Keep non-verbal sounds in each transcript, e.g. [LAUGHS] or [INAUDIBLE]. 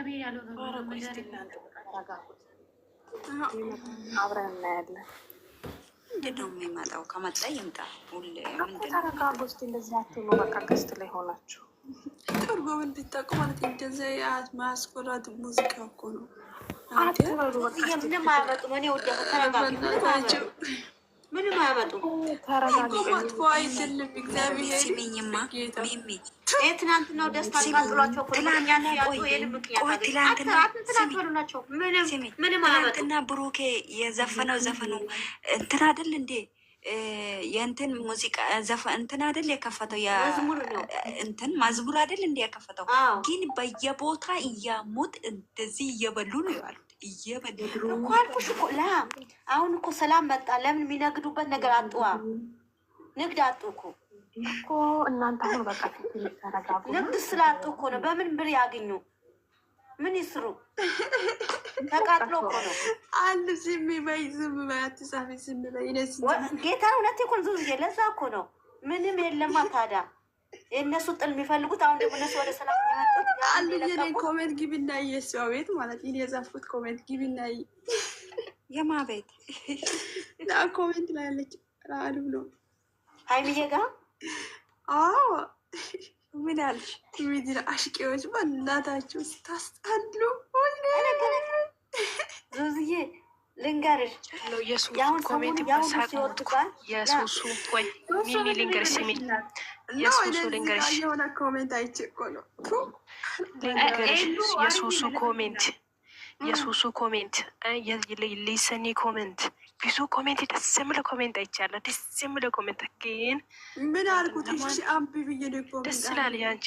እግዚአብሔር ያለው ነው። አብረን እናያለን። ምንድን ነው የሚመጣው? ከመጣ ይምጣ። ጎስት እንደዚህ ላይ ሆናችሁ ጥሩ እንድታውቁ ማለት እንደዚያ የማያስኮላት ሙዚቃ እኮ ነው። ምንም አያመጡም። እኔ አይደለም። እግዚአብሔር ሚኝማ ሚሚ ትናንትና ነው ደስታ ብሩኬ የዘፈነው ዘፈኑ እንትን አይደል እንዴ? የእንትን ሙዚቃ ዘፈን እንትን አይደል የከፈተው እንትን መዝሙር አይደል እንዴ የከፈተው? ግን በየቦታ እያሙት እንደዚህ እየበሉ ነው ይዋሉ እየበሉ አልኩሽ እኮ ላ አሁን እኮ ሰላም መጣ። ለምን የሚነግዱበት ነገር አጡ፣ ንግድ አጡ እኮ እኮ እናንተ አሁን በቃ ተረጋጉ። ንግድ ስላጡ እኮ ነው። በምን ብር ያገኙ? ምን ይስሩ? ተቃጥሎ እኮ ነው። አንድ ዝም በይ፣ ዝም በይ፣ አትጻፊ፣ ዝም በይ። ጌታ እውነት ኮን ዙ ለዛ እኮ ነው። ምንም የለማ ታዲያ የእነሱ ጥል የሚፈልጉት አሁን ደግሞ እነሱ ወደ ሰላም የመጡት አንድ የኔ ኮሜንት ግቢና የእሷ ቤት ማለት ይህ የጻፉት ኮሜንት ግቢና የማ ቤት ኮሜንት ላይ ያለች ራአሉ ነው ሀይሚዬ ጋር አዎ ምን አልሽ? ምድር አሽቄዎች በእናታችሁ ስታስጣሉ። ዙዝዬ ልንገርሽ የሱሱ ኮሜንት በሳቅ የሱሱ ቆይ ሚሚ ልንገርሽ የሚል የሱሱ ኮሜንት ነው ልንገርሽ የሱሱ ኮሜንት የሱሱ ኮሜንት ሊሰኒ ኮሜንት ብዙ ኮሜንት ደስ የምለው ኮሜንት አይቻለሁ። ደስ የምለው ኮሜንት ግን ምን አልኩት? አንቢ ብዬ ደስ ላል ያንቺ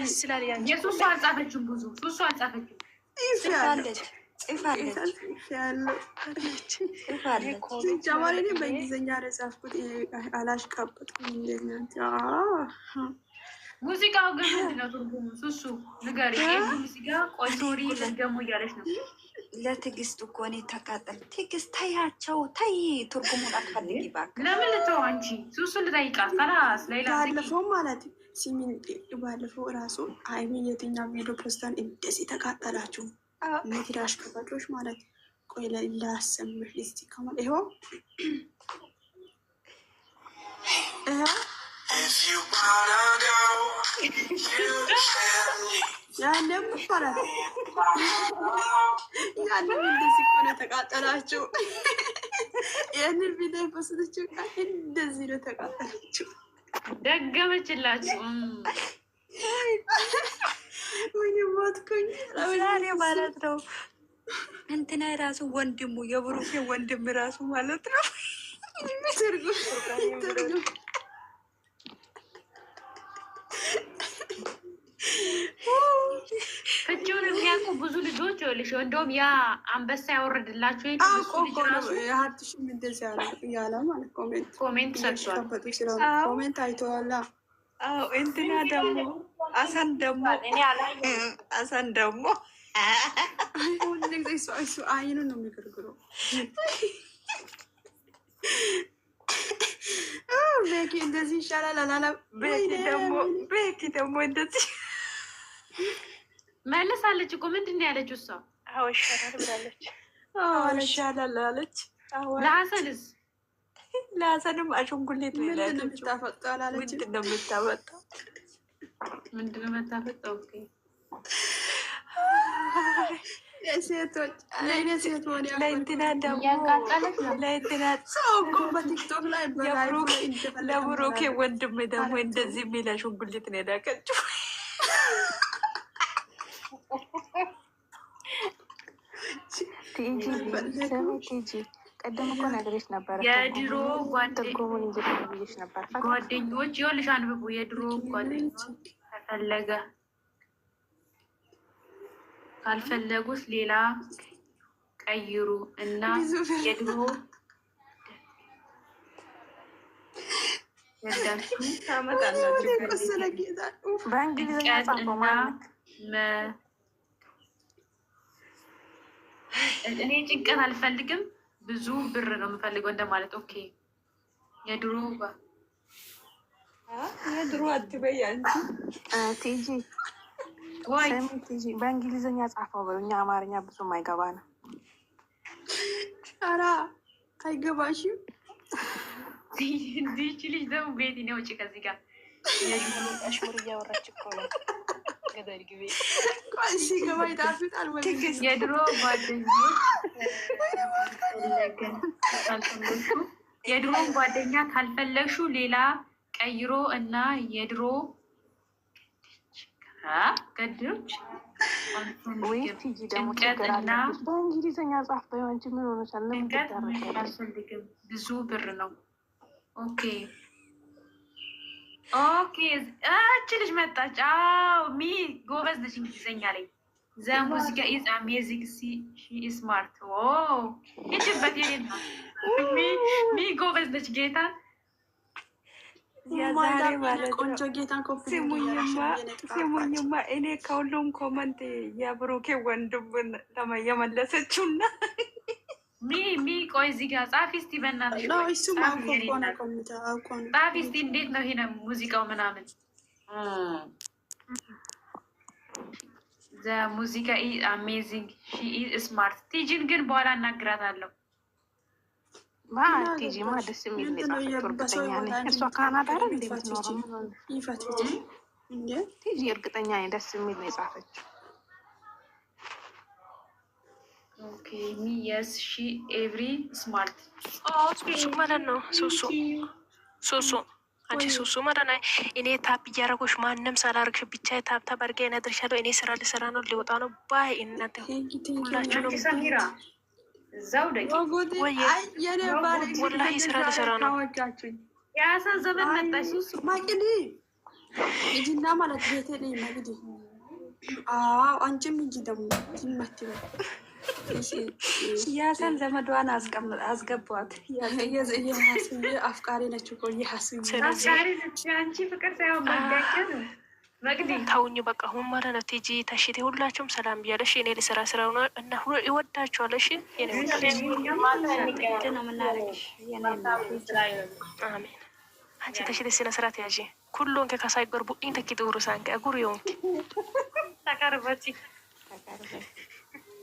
ደስ ላል ያንቺ ሱሱ አልጻፈችም፣ ብዙ ሱሱ አልጻፈችም። ጀማሪ በእንግሊዝኛ ረጻፍኩት አላሽቃበጥኩ ሙዚቃው ግን ምንድን ነው ትርጉሙ? ሱሱ ንገሪ። ሙዚቃ ቆይ ለገሙ እያለች ነው። ለትግስት እኮ እኔ ተቃጠል። ትግስት ተያቸው፣ ተይ ትርጉሙን አትፈልጊ እባክህ። ለምን ልተው አንቺ? ሱሱ ልጠይቃት ከላስ ሌላ ባለፈው ማለት ሲሚን ባለፈው ራሱ ሀይሚን የትኛው ቪዲዮ ፖስተን እንደዚህ ተቃጠላችሁ መድራሽ ከበዶች ማለት ቆይ ላሰምሽ ሊስቲ ከማለት ይኸው [CLEARS THROAT] ያለም ይባላል። ያለም እንደዚህ እኮ ነው የተቃጠላችሁ። ቪዲዮ እንደዚህ ነው የተቃጠላችሁ። ደገመችላችሁ። ምን ሞትኩኝ ማለት ነው። እንትና የራሱ ወንድሙ የብሩኬ ወንድም ራሱ ማለት ነው። ትርጉም ፍቺውን የሚያውቁ ብዙ ልጆች ይኸውልሽ፣ እንደውም ያ አንበሳ ያወረድላቸው ኮሜንት ሰጥቷል። ኮሜንት አይተዋላ። እንትና ደግሞ አሳን ደግሞ አሳን ደግሞ አይኑ ነው የሚገርግሩ ቤኪ እንደዚህ ይሻላል አላለም። ቤኪ ደግሞ ቤኪ ደግሞ እንደዚህ መልሳለች እኮ ምንድን ነው ያለችው? እሷ አዎ ይሻላል ብላለች። አዎ ይሻላል አለች። ለሀሰንስ ለሀሰንም አሸንጉሌት ምንድን ነው የምታፈጣው? ምንድን ነው የምታፈጣው? ሴቶች ለብሩኬ ደግሞ እንደዚህ የሚል ነው የላከችው ቀደም እኮ ነግሬሽ ነበረ። የድሮ ጓደኞች ይኸውልሽ፣ አንብቡ። የድሮ ጓደኞች ከፈለገ ካልፈለጉት ሌላ ቀይሩ እና የድሮ በእንግሊዝኛ እኔ ጭንቀት አልፈልግም። ብዙ ብር ነው የምፈልገው እንደማለት። ኦኬ የድሮ የድሮ አትበይ አንቺ ቲጂ በእንግሊዝኛ ጻፈው በሉ። እኛ አማርኛ ብዙ ማይገባ ነው። ኧረ አይገባሽም። እንዲህ ልጅ ደግሞ ቤት ነው ውጭ ከዚህ ጋር ሽሙር እያወራች እኮ ነው ገጠር የድሮ ጓደኛ ካልፈለግሹ ሌላ ቀይሮ እና የድሮ ገድሮች ጭንቀትና በእንግሊዝኛ ጻፍ በሆንች ምን ጭንቀት አልፈልግም ብዙ ብር ነው። ኦኬ ኦኬ እች ልጅ መጣች። አዎ ሚ ጎበዝ ልጅ ላይ ኢዝ አሜዚንግ ስማርት ይችበት ሚ ጎበዝ ልጅ ጌታ ቆንጆ ጌታ ሲሙኝማ እኔ ከሁሉም ኮመንት የብሩኬ ወንድም የመለሰችውና ሚ ሚ ቆይ እዚህ ጋር ጻፊ እስቲ በእናትሽ ጻፊ እስቲ። እንዴት ነው ይሄ ሙዚቃው ምናምን ሙዚቃ አሜዚንግ ስማርት። ቲጂን ግን በኋላ እናግራታለሁ። ቲጂ ደስ የሚል እርግጠኛ ነኝ። እሷ እርግጠኛ ነኝ። ደስ የሚል ነው የጻፈችው ኦኬ ሚ የስ ሺ ኤቭሪ ስማርት ሶሱ ማለት ነው። ሶሱ ሶሱ አንቺ ሶሱ ማለት ነው። እኔ ታፕ እያደረጎች ማንም ሳላርግሽ ብቻ ታፕታፕ አድርጌ እነግርሻለሁ። እኔ ስራ ልሰራ ነው፣ ሊወጣ ነው። ባይ እናንተ ሁላችሁ ነው። ወላሂ ስራ ልሰራ ነው። ማለት ቤቴ ነኝ። አንቺም እንጂ ደግሞ ትመት ያሰን ዘመድዋን አስገቧት። አፍቃሪ ነች እኮ ታውኝ በቃ ሁን ማለት ነው። ቲጂ ተሽቴ ሁላችሁም ሰላም ብያለሽ። እኔ ልስራ ስራ ሆነ እና ሁሉ ይወዳችኋለሽ። አንቺ ተሽቴ ስነ ስርዓት ያዥ ኩሎን ከካሳይ ጎርቡ ኢንተኪ ጥሩ ሳንከ ጉር ዮንኪ ተቀርበቲ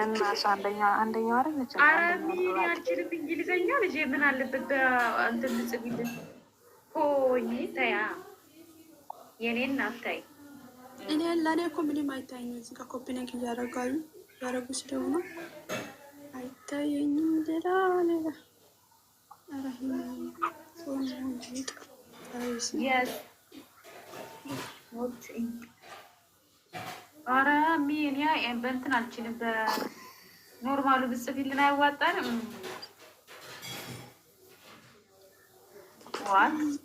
እና እሱ አንደኛው አንደኛው አይደል? አልችልም እንግሊዘኛ ልጄ ምን አለበት እንትን ጽቢልን ሆይ ተያ የኔ እናት እኔ ለእኔ እኮ ምንም አይታየኝም። እዚህ ጋር ኮፒ ነግ እያደረጋሉ ያደረጉ ስለሆነ አይታየኝም። ሌላ ሌላ ራሂ አረ ሚኒያ በእንትን አልችልም። በኖርማሉ ብጽፊልን አያዋጣንም። እንዴ?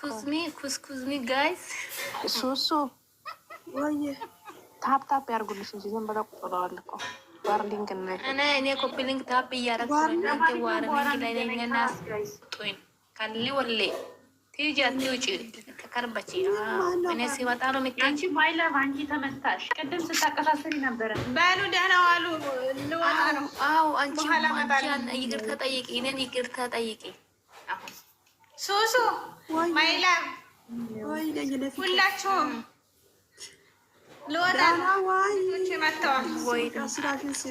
ኩስኩዝሚ ኩስኩዝሚ ጋይስ እሱ ወይ ታፕ ታፕ ያርጉልሽ እንጂ ዝም ብለው ቁጥለዋል እኮ ዋርኒንግ እና እኔ እኔ ኮፒ ሊንክ ታፕ እያረኩ እናንተ ላይ ነኝ እና ጡኝ ካልሊ ወሌ ቲጂ አትውጪ ከከርበቺ እኔ ሲወጣ ነው የሚታይ። ማይላ አንቺ ተመታሽ። ቅድም ስታቀሳሰሪ ነበረ። በሉ ደህና ዋሉ። ልወጣ ነው። አዎ አንቺ ማጃን ይቅርታ ጠይቂ፣ እኔን ይቅርታ ጠይቂ። ሱሱ ማይላ ሁላችሁም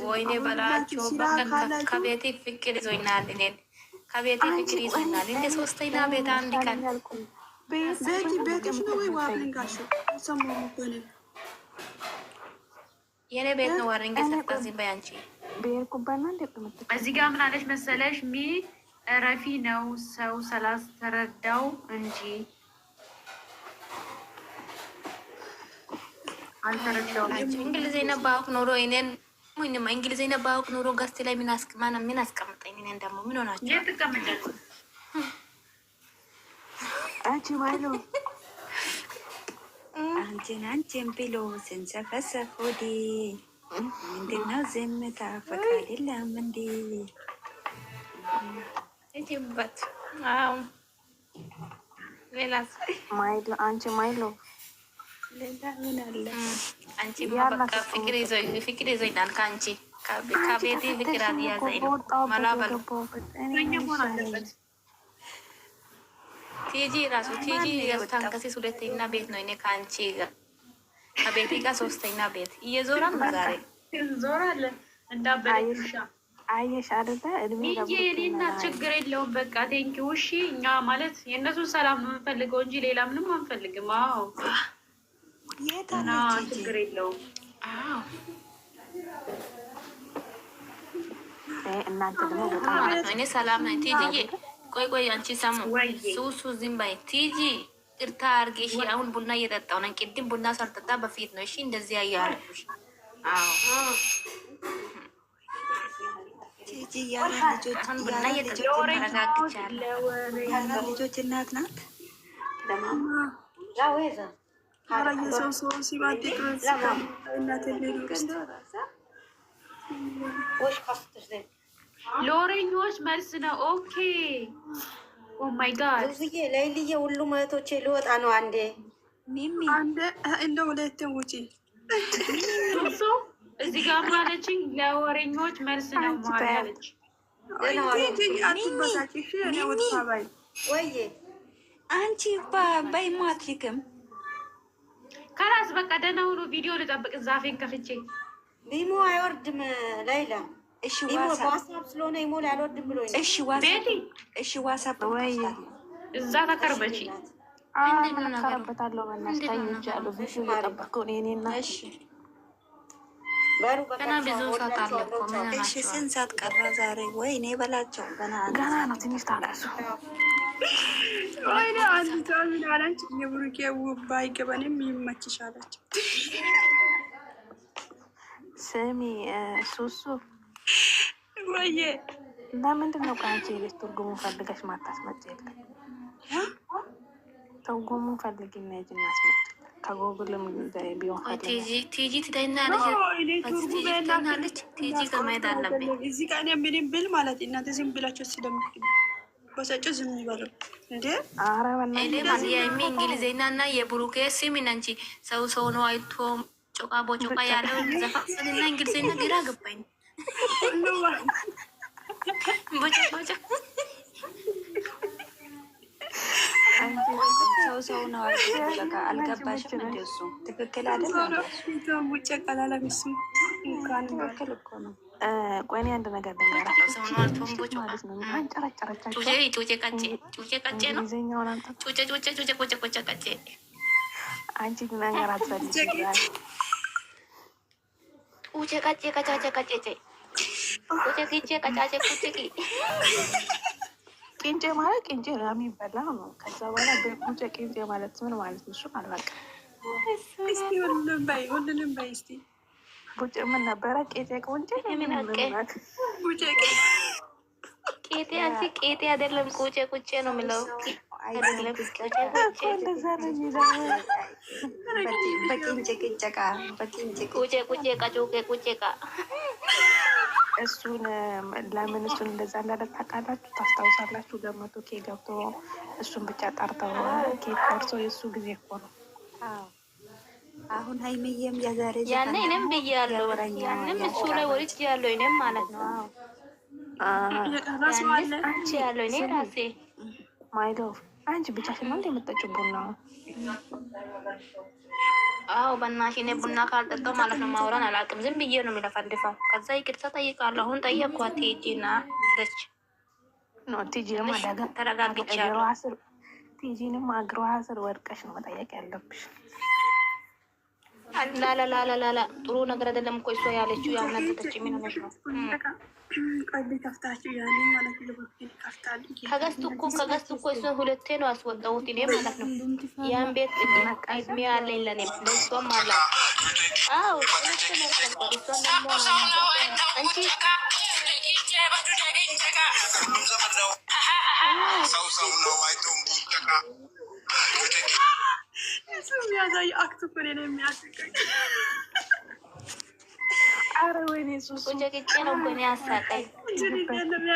ወይኔ በላቸው። ከቤቴ ፍቅር ይዞኛል፣ እኔን ከቤቴ ፍቅር ይዞኛል። እንደ ሶስተኛ ቤት አንድ ቀን የኔ ቤት ነው። ዋረንጌ ሰርታዚህ በያንቺ እዚህ ጋር ምን አለች መሰለሽ? ሚ ረፊ ነው ሰው ሰላስ ተረዳው እንጂ አልተረዳሁም። እንግሊዝኛ ባውቅ ኖሮ እኔን እንግሊዝኛ ባውቅ ኖሮ ገስት ላይ ምን አስቀማና ምን አስቀምጠኝ። እኔን ደግሞ ምን ሆናችሁ አንቺን አንቺን ብሎ ስንሰፈሰፍ ወዲ ምንድነው ዝምታ ፈቃድ የለም እንዲ በት ሌላ አንቺ ማይሎ አንቺማ ቲጂ ራሱ ቲጂ ሁለተኛ ቤት ነው። እኔ ከአንቺ ጋር ጋር ሶስተኛ ቤት እየዞራ ነው ዛሬ አየሽ ችግር የለውም። በቃ ቴንኪው። እሺ እኛ ማለት የእነሱን ሰላም ነው የምንፈልገው እንጂ ሌላ ምንም አንፈልግም። አዎ እኔ ሰላም ነኝ። ቲጂዬ ቆይ ሰሙ ሱሱ ዝም በይ ቲጂ፣ ቅርታ አድርጊ አሁን ቡና እየጠጣው ነኝ። ቅድም ቡና ሳልጠጣ በፊት ነው እሺ። እንደዚህ ያያልኩሽ። ናት የሰው ሰው ሲባት ሎሬኞች መልስ ነው። ኦኬ ኦማይ ጋድ ብዙዬ ለይልዬ ሁሉ መቶቼ ሊወጣ ነው። አንዴ አንዴ እንደ ሁለት ውጪ እሱ እዚህ ጋር ማለችኝ። ለወሬኞች መልስ ነው ማለች። ወይዬ አንቺ በይማትሪክም ከራስ በቃ ደህና ሁኑ። ቪዲዮ ልጠብቅ ዛፌን ከፍቼ ቢሞ አይወርድም ላይላ እሺ፣ ዋትስአፕ ስለሆነ ይሞ ላይ አልወርድም ብሎ እሺ፣ ዋትስአፕ እሺ፣ ዋትስአፕ ወይ እዛ ተከርበች ስንት ሰዓት ቀረ ዛሬ? ወይኔ በላቸው ገና ነው ትንሽ ታገሱ። ወይኔ አንተ ምን አለች? የብሩኬ ውብ አይገባንም ይመችሽ አለች። ስሚ ሱሱ ወይዬ ለምንድን ነው ቃንቺ የቤት ትርጉሙን ፈልገሽ ማታስመጭ የለም? ትርጉሙን ፈልግና ሂጂና አስመጭ። ከጎግልም ቢሆን ቲጂ ማለት እናንተ ዝም ብላችሁ ስለምትል በሰጪው ዝም ይበሉ እንዴ! የሚ እንግሊዝኛ እና የብሩኬ ሲሚን አንቺ ሰው ሰው ነው አይቶ ጮቃ ቦጮቃ ያለው ዘፋሰንና እንግሊዝኛ ግራ ገባኝ። [LAUGHS] ሰው ሰው ነው አልገባሽም? እንደ እሱ ትክክል አይደለም። ቆይ አንድ ነገር ቂንጬ ማለት ቂንጬ ነው የሚበላ ነው። ከዛ በኋላ ቁጭ ቂንጬ ማለት ምን ማለት ነው? እሱ አልበቃ ሁሉንም በይ ሁሉንም በይ እስኪ ቡጭ ምን ነበረ? ቄጤ ቁንጭ ምን ቄጤ አንቺ ቄጤ አይደለም፣ ቁጭ ቁጭ ነው የምለው። እሱን ለምን እሱን እንደዛ እንዳለ ታውቃላችሁ፣ ታስታውሳላችሁ። ገመቱ ኬ ገብቶ እሱን ብቻ ጠርተው ኬ ቆርሶ የእሱ ጊዜ እኮ ነው። አሁን ሀይሚዬም የዛሬ ያኔ እኔም ብያለሁ፣ ያኔም እሱ ላይ ወርጅ ያለው እኔም ማለት ነው። አንቺ ያለው እኔ ራሴ ማይዶ አንቺ ብቻሽን ነው እንደምጠጪው ቡና። አዎ በእናትሽ እኔ ቡና ካልጠጣሁ ማለት ነው ማውራን አላውቅም። ዝም ብዬ ነው የሚለፈልፈው። ከዛ ይቅርታ ጠይቃለሁ። አሁን ጠየቅኳት ቲጂና ደች ነው ቲጂ ለማዳጋ ተረጋግቻለሁ። ቲጂንም አግሯ ስር ወድቀሽ ነው መጠየቅ ያለብሽ። ላላላላላ ጥሩ ነገር አይደለም እኮ እሷ ያለችው። ያናተተች ምን ሆነሽ ነው? ከገዝት እኮ ከገዝት እኮ እሷ ሁለቴ ነው አስወጣሁት እኔ ማለት ነው። ያን ቤት እድሜ አለኝ ለኔ ለእሷም አለ። አዎ አንቺ ሰው ሰው ነው አይቶ የሚያሳይ አክትፍ ሌላ የሚያስቀኝ አረ ወይኔ ሱሱ ቁጭ ነው ጎን ያሳቀኝ ቁጭ ቁጭ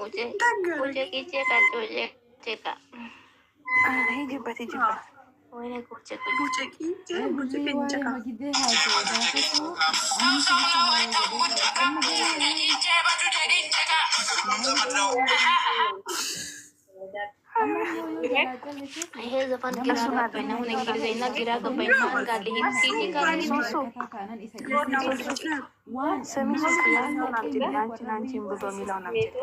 ቁጭ ቁጭ ቁጭ ይሄ ዘፈን ግራ ገባኝ። አሁን እንግሊዝኛ ግራ ገባኝ። ማን ጋር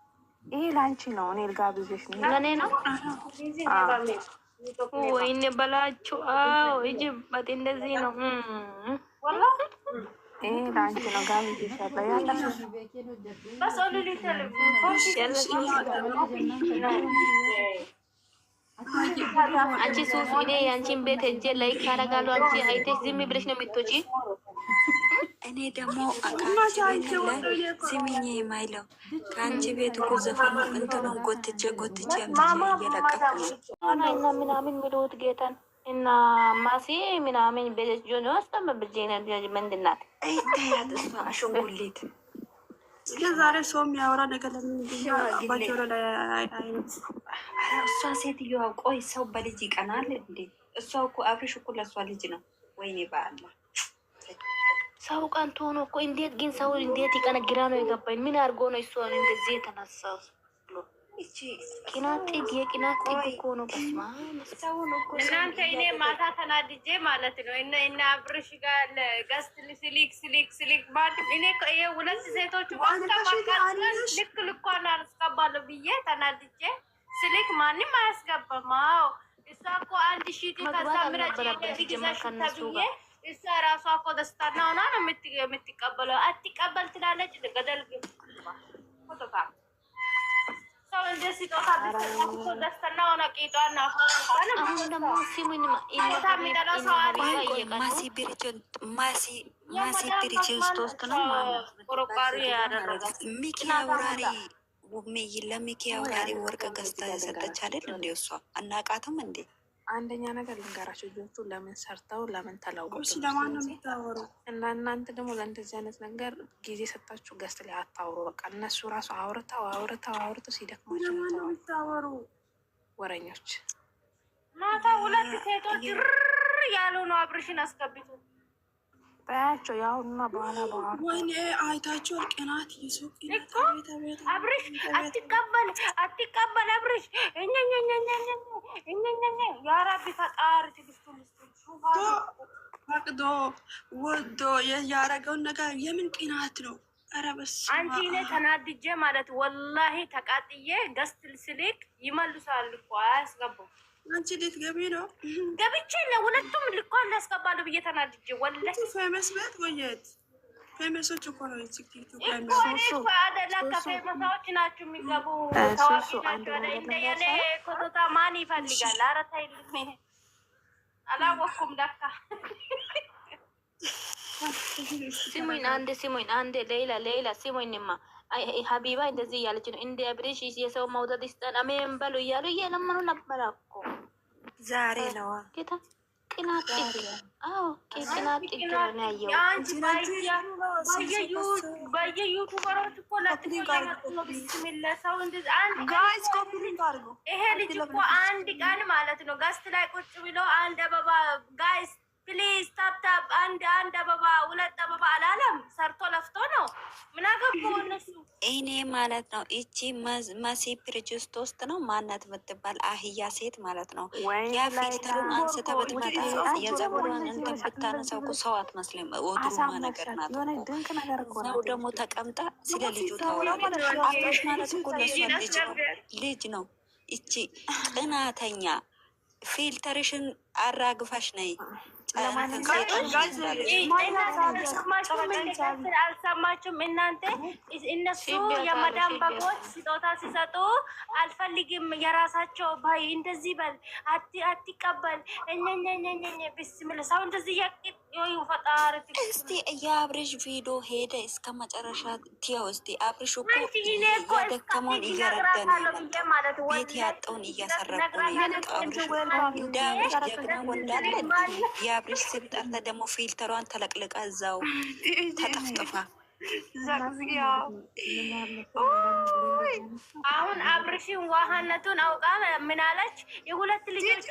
ይሄ ላንቺ ነው። እኔ ልጋብዝሽ ነው። ለእኔ ነው። ወይኔ በላችሁ። አዎ እጅ በጤ እንደዚህ ነው። ይሄ ላንቺ ነው። ጋብዝሻለሁ። አንቺ ሱፍ እኔ የአንቺን ቤት ሄጄ ላይክ አደርጋለሁ። አንቺ አይተሽ ዝም ብለሽ ነው የምትወጪ እኔ ደግሞ ስሚኝ የማይለው ከአንቺ ቤት እኮ ዘፈኑ እንትኑን ጎትቼ ጎትቼ እየለቀኩና ምናምን ሚሉት ጌተን እና ማሲ ምናምን በጆን ውስጥ ብጄነ ምንድን ናት አሸንጉሊት እስከ ዛሬ ሰው የሚያወራ ነገር እሷ ሴትዮዋ ቆይ ሰው በልጅ ይቀናል እንዴ? እሷ እኮ አብርሽ እኮ ለእሷ ልጅ ነው። ወይኔ በአላህ ሰው ቀንቶ ነው እኮ። እንዴት ግን ሰው እንዴት ይቀነግራ ነው የገባኝ? ምን አድርጎ ነው እሱ እንደዚህ የተነሳው? ቅናት ጥግ፣ የቅናት ጥግ እኮ ነው። እናንተ እኔ ማታ ተናድጄ ማለት ነው እና አብርሽ ጋር ገስት ስሊክ ስሊክ ስሊክ እኔ ሁለት ሴቶች ልክ ልኳን አስገባለሁ ብዬ ተናድጄ ስሊክ ማንም አያስገባም። እሷ እኮ አንድ ሺህ ከዛ ምረጭ ጊዜ ብዬ እሷ ራሷ እኮ ደስታና ሆና ነው የምትቀበለው። አትቀበል ትላለች። ገደል ሰው እንደ ስጦታ ወርቅ ገዝታ አይደል እሷ አናቃትም እንዴ? አንደኛ ነገር ልንገራቸው፣ ልጆቹ ለምን ሰርተው ለምን ተለውጡ እና እናንተ ደግሞ ለእንደዚህ አይነት ነገር ጊዜ ሰጣችሁ ገስት ላይ አታውሩ። በቃ እነሱ ራሱ አውርተው አውርተው አውርተው ሲደክማቸው ወረኞች። ማታ ሁለት ሴቶች ር ያሉ ነው። አብርሽን አስገብቱ በያቸው። የአሁኑና በኋላ በኋላ ወይ አይታቸው ቅናት ይዞ እኮ አብርሽ አትቀበል አትቀበል አብርሽ እኛኛኛኛኛ የአረቢ ፈጣሪ ትግስቱን ፈቅዶ ወዶ ያረገውን ነገር የምን ቅናት ነው? ኧረ አንቺ እኔ ተናድጄ ማለት ወላሂ ተቃጥዬ ገስት ስልክ ይመልሳል እኮ አያስገባም። አንቺ እንዴት ገቢ ነው ገብቼ ሁለቱም ልኳ እንዳስገባለሁ ብዬ ተናድጄ ወለች መስበት ወየት ፌመሶች እኮ ነው ፌመሳዎች ናቸው የሚገቡ ታዋቂ ናቸው። እንደየኔ ኮቶታ ማን ይፈልጋል? ኧረ ተይ አላወኩም ለካ። ስሙኝ አንዴ ስሙኝ አንዴ ሌላ ሌላ ስሙኝማ ሀቢባ እንደዚህ እያለች ነው እንደ ብሬሽ የሰው መውደድ ይስጠን አሜን በሉ እያሉ እየለመኑ ነበረ እኮ ዛሬ ነዋ ጌታ በየዩቱበሮች ይሄ ልጅ እኮ አንድ ቀን ማለት ነው ጋስት ላይ ቁጭ ብሎ አንድ አበባ ጋይስ ፕሊዝ ታብታብ አንድ አንድ አበባ ሁለት አበባ አላለም። ሰርቶ ለፍቶ ነው ምናገቡ እነሱ። እኔ ማለት ነው እቺ መሲ ፕሪጅስት ውስጥ ነው ማናት የምትባል አህያ ሴት ማለት ነው። ያ አንስተ ብትመጣ የጸጉሯን እንትን ብታነሳው ሰው አትመስልም። ወድማ ነገር ናት። ነው ደግሞ ተቀምጣ ስለ ልጁ ታወራለች። ማለት እኮ ለሷ ልጅ ነው ልጅ ነው። እቺ ቅናተኛ ፊልተርሽን አራግፋሽ ነይ አልሰማችሁም? እናንተ እነሱ የመዳም በጎች ስጦታ ሲሰጡ አልፈልግም፣ የራሳቸው ባይ እንደዚህ በል አትቀበል። ብስምላ ሰው እንደዚህ እስቲ የአብሬሽ ቪዲዮ ሄደ እስከ መጨረሻ ትያው። እስቲ አብሬሽ እኮ ያደከመውን እየረዳን ቤት ያጣውን እያሰረቁን እንደ የአብሬሽ ስም ጠርተ ደግሞ ፊልተሯን ተለቅልቃ እዛው [LAUGHS] ተጠፍጥፋ አሁን አብርሽን ዋህነቱን አውቃ ምን አለች? የሁለት ልጆች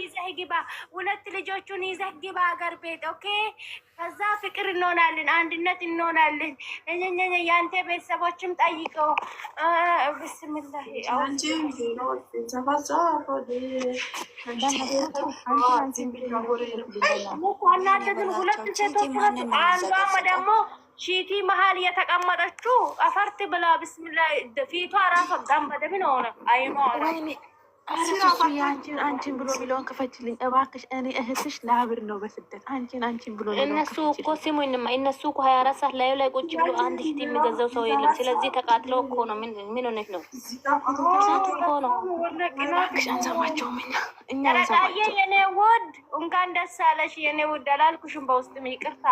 ይዘህ ግባ፣ ሁለት ልጆቹን ይዘህ ግባ ሀገር ቤት ኦኬ። ከዛ ፍቅር እንሆናለን፣ አንድነት እንሆናለን። የአንተ ቤተሰቦችም ጠይቀው ብስምላ ሁለት ሴቶች ደግሞ ሺቲ መሀል የተቀመጠችው አፈርት ብላ ብስሚላ ፊቷ ራሷ ጋም በደም ነው አንቺን ብሎ የሚለውን ክፈችልኝ እባክሽ። እኔ እህትሽ ለአብር ነው በስደት አንቺን አንቺን ብሎ እነሱ እኮ ሲሙኝማ እነሱ እኮ ሀያ አራት ሰዓት ላይ ላይ ቁጭ ብሎ አንድ ሽት የሚገዛው ሰው የለም። ስለዚህ ተቃጥለው እኮ ነው። ምን ሆነች ነው እኮ ነው። እባክሽ አንሰማቸውም። እኛ እኛ አንሰማቸው። የኔ ውድ እንኳን ደስ አለሽ የኔ ውድ አላልኩሽም። በውስጥም ይቅርታ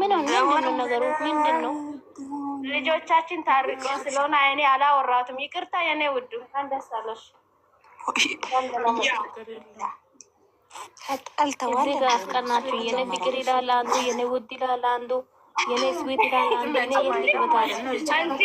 ምን ምንድን ነገሩ ምንድን ነው? ልጆቻችን ታርቀው ስለሆነ እኔ አላወራትም። ይቅርታ የኔ ውድ እንኳን ደስ አለሽ። አስቀናችሁ የኔ ፍቅር ይላል አንዱ፣ የኔ ውድ ይላል አንዱ፣ የኔ ስዊት ይላል አንዱ።